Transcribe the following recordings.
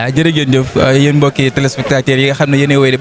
Ah, jërë ngeen jëf ah, yéen mbokki téléspectateurs yi nga xam ne yéen woy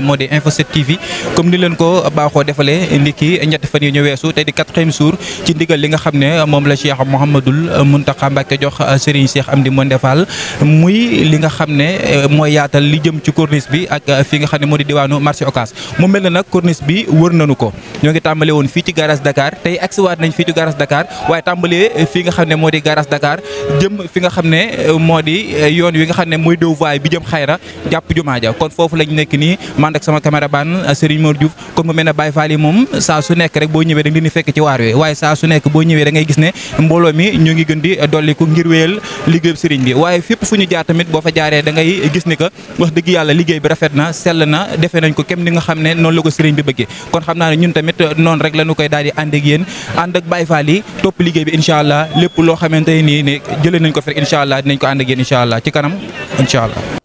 moo di Info 7 TV comme ni leen ko baaxoo defalee ndiki ñetti fan yi ñu weesu tey di quatrième jour ci ndigal li nga xam ne moom la Cheikh Mouhamadoul Mountakha Mbacké jox ah, Serigne Cheikh Amdi Monde Fall muy li nga xam ne eh, mooy yaatal li jëm ci corniche bi ak fi nga xam ne moo di diwaanu marché Ocass mu mel na nag corniche bi wër nañu ko ñoo ngi tàmbale woon fii ci garage Dakar tey agsiwaat nañ fii ci garage moo di eh, yoon wi nga xam ne mooy deux voies bi jëm xayra jàpp jumaa ja kon foofu lañ nekk nii man ak sama caméraman eh, Serigne Mor Diouf kon mu mel ne Baye moom saa su nekk rek boo ñëwee da gis ni que wax dëgg yàlla liggéey bi rafet na sell na defee nañ ko kem ni xam ne noonu la ko Serigne bi bëggee kon xam naa ne ñun tamit eh, noonu rek la ñu koy daal di ànd ak yéen ànd ak Baye Fall yi topp liggéey bi incha allah lépp loo xamante nii ne jëlee nañ ko fi rek Tataguine incha allah ci kanam incha allah.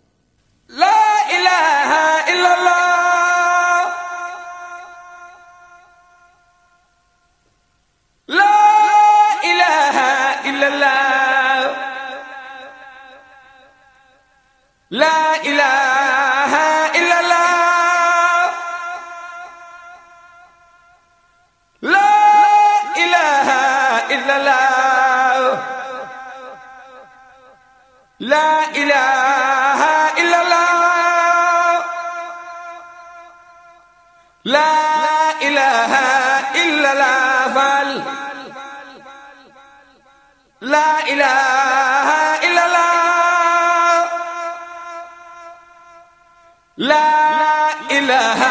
laa ilaaha illallah laa ilaaha illallah faal laa ilaaha illallah laa ilaaha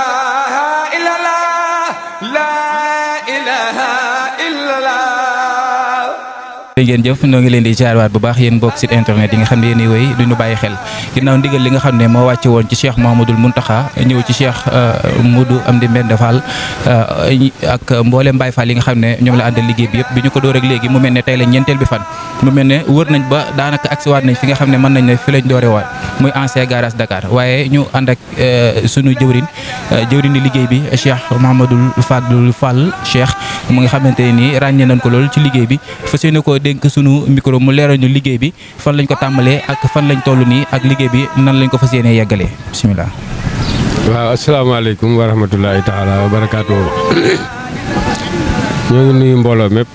jërë ngeen jëf noo ngi leen di jaarwaat bu baax yéen mbokk site internet yi nga xam ne yéen wéy duñu bàyyi xel ginnaaw ndigal li nga xam ne moo wàcce woon ci Cheikh Mouhamadoul Mountakha ñëw ci Cheikh euh, Modou Amdi Mbende Fall euh, ak mbooleem Baye Fall yi nga xam ne ñoom la àndal liggéey bi yépp bi ñu ko door ak léegi mu mel ne tey la ñeenteel bi fan mu mel ne wër nañ ba daanaka agsiwaat nañ fi nga xam ne mën nañ ne fi lañ doore waat muy ancien garage Dakar waaye ñu ànd ak euh, sunu jëwrin jëwrin liggéey bi Cheikh Mouhamadoul Fadlou Fall Cheikh mu nga xamante ni ràññee nañ ko lool ci liggéey bi dénk sunu micro mu leeral liggéey bi fan lañ ko tàmbalee ak fan lañ toll nii ak liggéey bi nan lañ ko fa yéenee yeggalee bisimilah. waaw asalaamaaleykum wa rahmatulahi taala wa barakaatu. ñoo ngi nuyu mbooloo mépp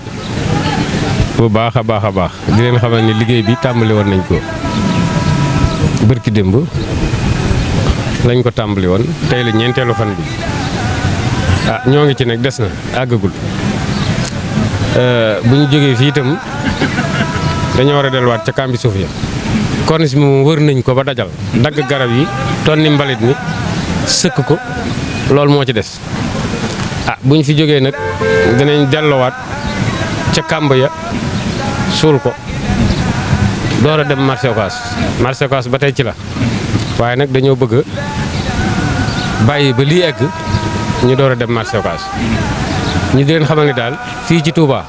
bu baax a baax a baax di leen xamal ni liggéey bi tàmbali woon nañ ko bërki démb lañ ko tàmbali woon tey la ñeenteelu fan bi ah ñoo ngi ci nag des na àggagul. Euh, bu ñu jógee fii itam dañoo war a delluwaat ca kàmbi suuf ya corniche bi moom wër nañ ko ba dajal dagg garab yi tonni mbalit mi sëkk ko loolu moo ci des ah bu ñu fi jógee nag dinañ delluwaat ca kàmb ya suul ko door a dem marché Ocass marché Ocass ba tey ci la waaye nag dañoo bëgg bàyyi ba lii egg ñu door a dem marché Ocass ñu di leen xamal ni daal fii ci tuubaa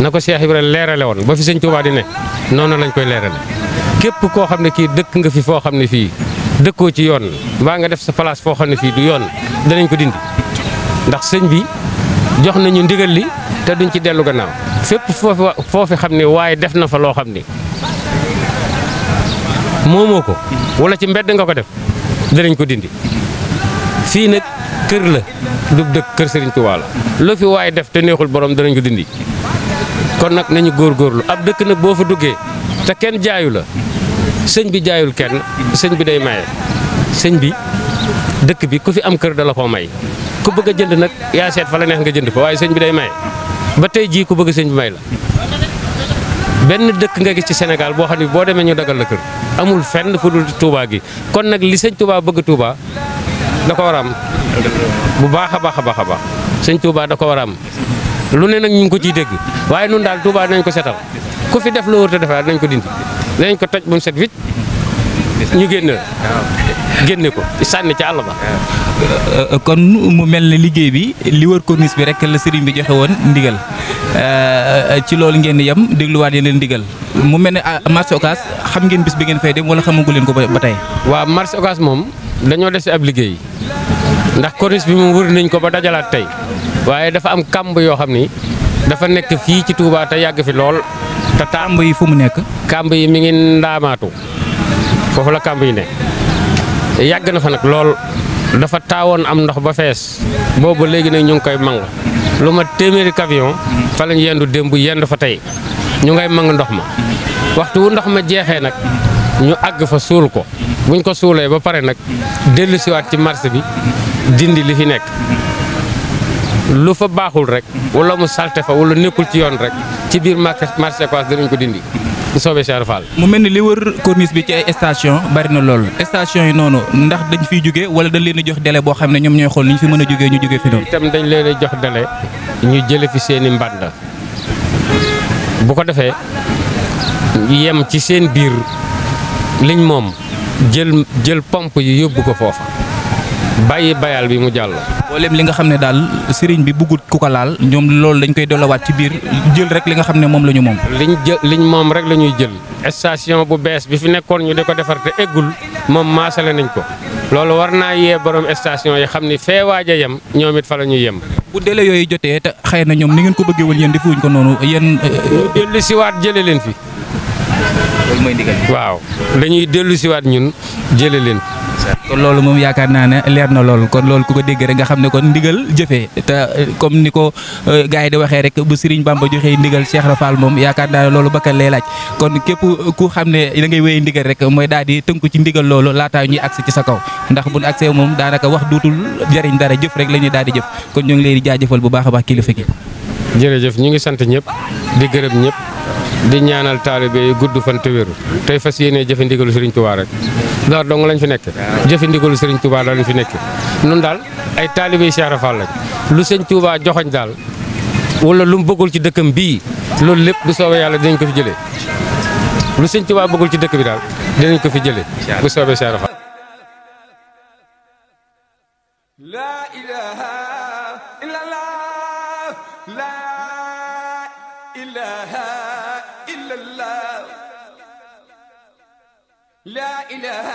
na ko Cheikh Ibrahima leerale woon ba fi sëñ Touba di ne noonu lañu koy leerale képp koo xam ne kii dëkk nga fi foo xam ne fii dëkkoo ci yoon mbaa nga def sa place foo xam ne fii du yoon danañ ko dindi ndax sëñ bi jox nañu ndigal li te duñ ci dellu gannaaw fépp foofi foofi xam ne waaye def na fa loo xam ni moomoo ko wala ci mbedd nga ko def danañ ko dindi fii nag kër la dug dëkk kër Serigne Touba la lu fi waaye def te neexul boroom danañ ko dindi kon nag nañu góor góorgóorlu ab dëkk nag boo fa duggee te kenn jaayu la sëñ bi jaayul kenn sëñ bi day maye sëñ bi dëkk bi ku fi am kër dala koo may ku bëgg a jënd nag yaa seet fa la neex nga jënd ko waaye sëñ bi day maye ba tey jii ku bëgg sëñ bi may la benn dëkk nga gis ci Sénégal boo xam ne boo demee ñu dagal la kër amul fenn fu dul Touba gi kon nag li sëñ Touba bëgg Touba da ko war a am bu baax a baax a baax sañ baax sëñ Touba da ko war a am lu ne nag ñu ngi ko ciy dégg waaye nun daal Touba dinañ ko setal ku fi def loo wër te defal ko dindi dinañ ko toj ba mu set wicc ñu génn génne ko sànni ci àll ba. kon mu mel ni liggéey bi li wër corniche bi rek la sëriñ bi joxe woon ndigal euh, ci loolu ngeen di yem dégluwaat yeneen ndigal mu mel ne ah, marché Ocass xam ngeen bis bi ngeen fay dem wala xamagu leen ko ba tey. waaw marché Ocass moom dañoo dese ab liggéey ndax koris bi mu wur nañ ko ba dajalaat tey waaye dafa am kàmb yoo xam ni dafa nekk fii ci tuubaa te yàgg fi lool te tàmb yi fu mu nekk kàmb yi mi ngi ndaamaatu foofu la kàmb yi ne yàgg na fa nag lool dafa taawoon am ndox ba fees boobu léegi nag ñu ngi koy mang lu ma téeméeri camion fa lañ démb yend fa tey ñu ngay mang ndox ma waxtu wu ndox ma jeexee nag ñu àgg fa suul ko buñ ko suulee ba pare nag siwaat ci marché bi dindi li fi nekk lu fa baaxul rek wala mu salte fa wala nekkul ci yoon rek ci biir marché Ocass danañ ko dindi bu soobee Cheikh Fall mu mel ni li wër corniche bi ci ay station bari na lool station yi noonu ndax dañ fiy jóge wala dañ leen a jox délai boo xam ne ñoom ñooy xool ni ñu fi mën a jógee ñu jógee fi noonu itam dañ leen a jox délai ñu jële fi seeni i mbànd bu ko defee yem ci seen biir liñ moom jël jël pompe yi yóbbu ko foofa bàyyi bayaal bi mu jàll. mboolem li nga xam ne daal sëriñ bi buggut ku ko laal ñoom loolu dañ koy delloowaat ci biir jël rek li nga xam ne moom la ñu moom. liñ jël liñ moom rek la ñuy jël station bu bees bi fi nekkoon ñu di ko defar te eggul moom maasale nañ ko loolu war naa yee borom station yi xam ni fee waaj yem ñoom it fa la ñuy yem. bu délai yooyu jotee te xëy na ñoom ni ngeen ko bëggee woon di defuñ ko noonu yéen. Euh, ñu dellu siwaat jëlee leen fi. loolu mooy ñun jëlee leen loolu moom yaakaar naa ne leer na lool kon loolu ku ko dégg rek nga xam ne kon ndigal jëfee te eh, comme ni ko eh, gars yi di waxee rek bu Serigne ba joxee ndigal Cheikh Rafal moom yaakaar naa ne loolu bakkan lee laaj kon képp ku xam ne da ngay wéy ndigal rek mooy daal di tënku ci ndigal loolu laataa ñuy agsi ci sa kaw ndax buñ agsee moom daanaka wax duutul jariñ dara jëf rek la ñuy daal di jëf kon ñoo ngi leen di jaajëfal bu baax a baax kilifa gi jërëjëf ñu ngi sant ñëpp di gërëm ñëpp di ñaanal taalibe yi gudd fan te tey fas yéene jëfe ndigalu Serigne Touba rek daal dong lañ fi nekk jëfe ndigalu Serigne Touba lañ fi nekk nun daal ay taalibe yi Cheikh Rafal lañ lu sëñ Touba joxoñ daal wala lu bëggul ci dëkkam bii loolu lépp bu soobee yàlla dinañ ko fi jëlee lu sëñ Touba bëggul ci dëkk bi daal dinañ ko fi jële bu soobee Cheikh Rafal إله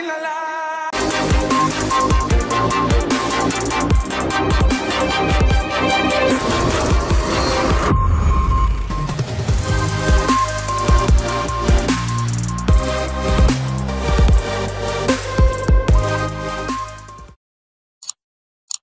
إلا الله